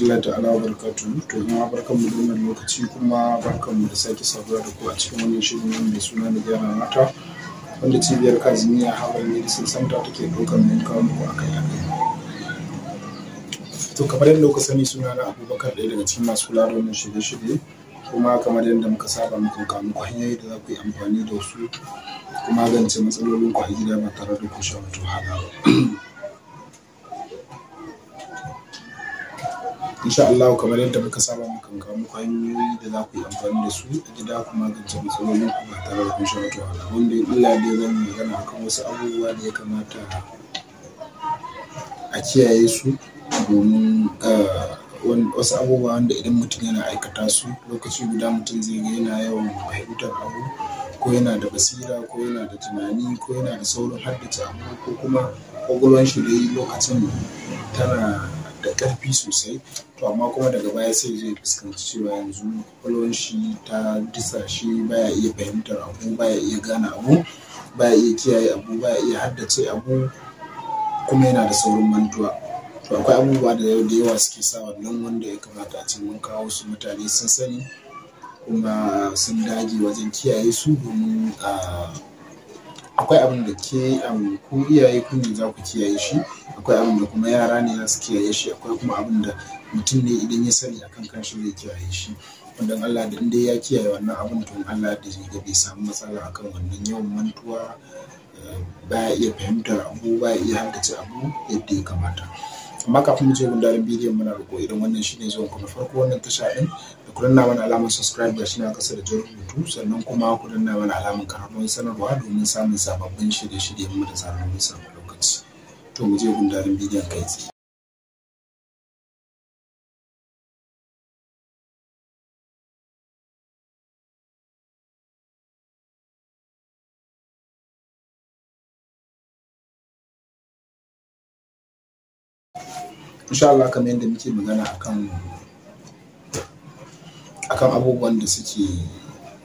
rahmatullahi ta'ala wa barakatuhu to ina barkanmu da wannan lokaci kuma barkanmu da sake saduwa da ku a cikin wannan shirin nan mai suna da gyara mata wanda cibiyar kazimiya haɓar medicine center take ɗaukar nan kawo muku a kai to kamar yadda kuka sani suna na abubakar ɗaya daga cikin masu kula da wannan shirye-shirye kuma kamar yadda muka saba muku kawo muku hanyoyi da za ku yi amfani da su kuma magance matsalolin ku a gida ba tare da ku sha wata wahala ba insha Allah kamar yadda muka saba muka kawo muku hanyoyi da za ku yi amfani da su a gida ku magance matsalolin ku ba tare da kun sha wata wahala wanda in Allah ya zan yi magana akan wasu abubuwa da ya kamata a kiyaye su domin eh, wasu abubuwa wanda idan mutum yana aikata su lokaci guda mutum zai ga yana yawan fahimtar abu ko yana da basira ko yana da tunani ko yana da saurin haddace abu ko kuma ƙwaƙwalwar shi dai lokacin tana da ƙarfi sosai to amma kuma daga baya sai zai fuskanci cewa yanzu kwakwalwar shi ta disa disashe baya iya fahimtar abu baya iya gane abu baya iya kiyaye abu baya iya haddace abu kuma yana da saurin mantuwa to akwai abubuwa da yau da yawa suke sa wannan wanda ya kamata a ce mun kawo su mutane sun sani kuma sun dage wajen kiyaye su domin a ah, akwai abin da ke um, ku iyaye ku ne za ku kiyaye shi akwai abin da kuma yara ne za su kiyaye shi akwai kuma abin da mutum ne idan ya sani akan kanshi zai kiyaye shi Wannan Allah da inda ya kiyaye wannan abin to Allah da zai bai samu matsala akan wannan yawan mantuwa eh, ba iya fahimtar abu ba iya haddace abu yadda ya kamata amma kafin mu je gundarin bidiyon muna roƙo idan wannan shine zuwan kuma farko wannan tasha din da ku danna mana alamar subscribe shine na kasa da jan rubutu sannan kuma ku danna mana alamar karamar sanarwa domin samun sababbin shirye-shiryen mu da zarar mun lokaci to mu je gundarin bidiyon kai tsaye insha Allah kamar yadda muke magana akan akan abubuwan da suke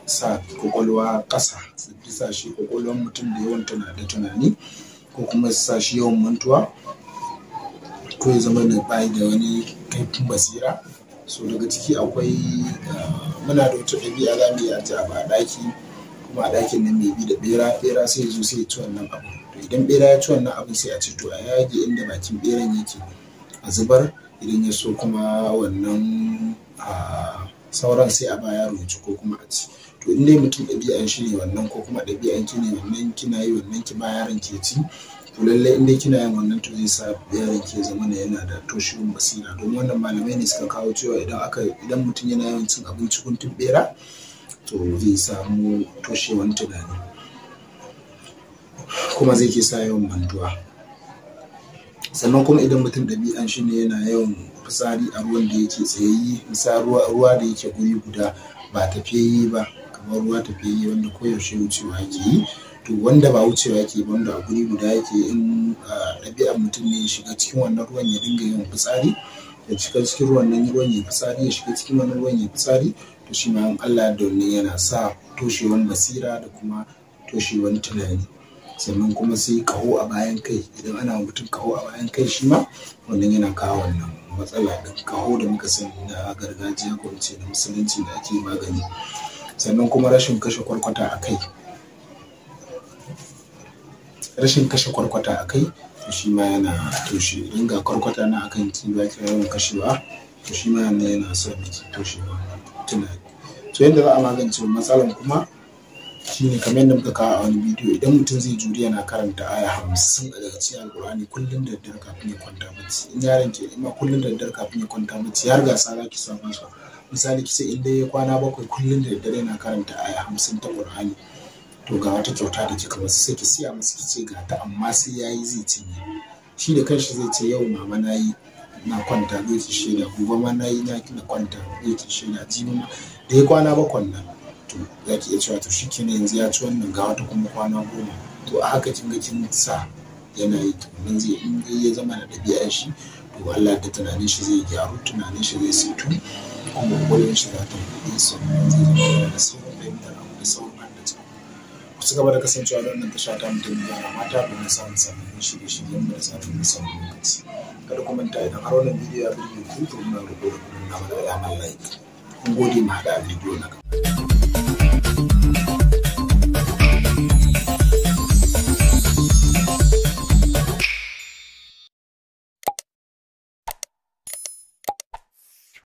sa kwakwalwa ƙasa su sa shi kwakwalwar mutum da yawan da tunani ko kuma su sa shi yawan mantuwa ko ya zama da bayi da wani kaifin basira so daga ciki akwai eh, muna da wata ɗabi'a za mu yi aji a ɗaki kuma a ɗakin nan mai bi da ɓera ɓera sai ya zo sai ya ci wannan abu to idan ɓera ya ci wannan abu sai a ce to a yage inda bakin ɓeran yake a zubar idan ya so kuma wannan sauran sai a baya roci ko kuma a ci to in dai mutum ɗabi'an shi ne wannan ko kuma ɗabi'an ki ne wannan kina yi wannan ki ba yaron ke ci to lalle in dai kina yin wannan to zai sa yaron ke zama na yana da toshewar basira domin wannan malamai ne suka kawo cewa idan aka idan mutum yana yawan cin abinci kuntun bera to zai samu toshewan tunani kuma zai ke sa yawan mantuwa sannan kuma idan mutum ɗabi'an shi ne yana yawan fitsari a ruwan da yake tsayayyi misali ruwa da yake guri guda ba yi ba kamar ruwa yi wanda koyaushe wucewa yake yi to wanda ba wucewa yake ba wanda a guri guda yake in ɗabi'an mutum ne ya shiga cikin wannan ruwan ya dinga yawan fitsari ya shiga cikin ruwan nan ruwan ya fitsari ya shiga cikin wannan ruwan ya fitsari to shi ma Allah da wannan yana sa toshewan basira da kuma toshewan tunani sannan kuma sai kaho a bayan kai idan ana mutum kaho a bayan kai shi ma wannan yana kawo wannan matsala da kaho da muka sani na gargajiya ko ce na musulunci da ake magani sannan kuma rashin kashe kwarkwata a kai rashin kashe kwarkwata a kai to shi ma yana toshe idan ga kwarkwata na akan ba ki yawan kashewa to shi ma yana sa biki toshewa tunani to yadda za a magance matsalan kuma shine kamar yadda muka kawo a wani bidiyo idan mutum zai juri yana karanta aya hamsin a daga cikin alkur'ani kullum da daddare kafin ya kwanta mace in yaron ke ma kullum da daddare kafin ya kwanta mace har gasa za ki samu sa misali ki ce in dai ya kwana bakwai kullum da daddare yana karanta aya hamsin ta qur'ani to ga wata kyauta da kika masa sai ki siya masa ki ce ga ta amma sai yayi zai cinye shi da kanshi zai ce yau mama na yi na kwanta zai ci shaida gobe ma na yi na kwanta zai ci shaida jibi ma da ya kwana bakwai nan to za ki iya cewa to shi kenan yanzu ya ci wannan ga wata kuma kwana goma to a haka kin ga sa yana yi to nan zai in dai ya zama da ɗabi'a shi to Allah da tunanin shi zai gyaru tunanin shi zai saitu kuma kwakwalwar shi za ta buɗe su zai zama da sauran fahimtar abu da sauran haddace ku ci gaba da kasancewa da wannan tasha ta mutum yara mata domin samun sabbin shirye-shiryen da sabbin sabbin lokaci kada kuma manta idan har wannan bidiyo ya burge ku to muna rubuta da ku nuna mana da yanar like mun gode ma da bidiyo na gaba Thank you.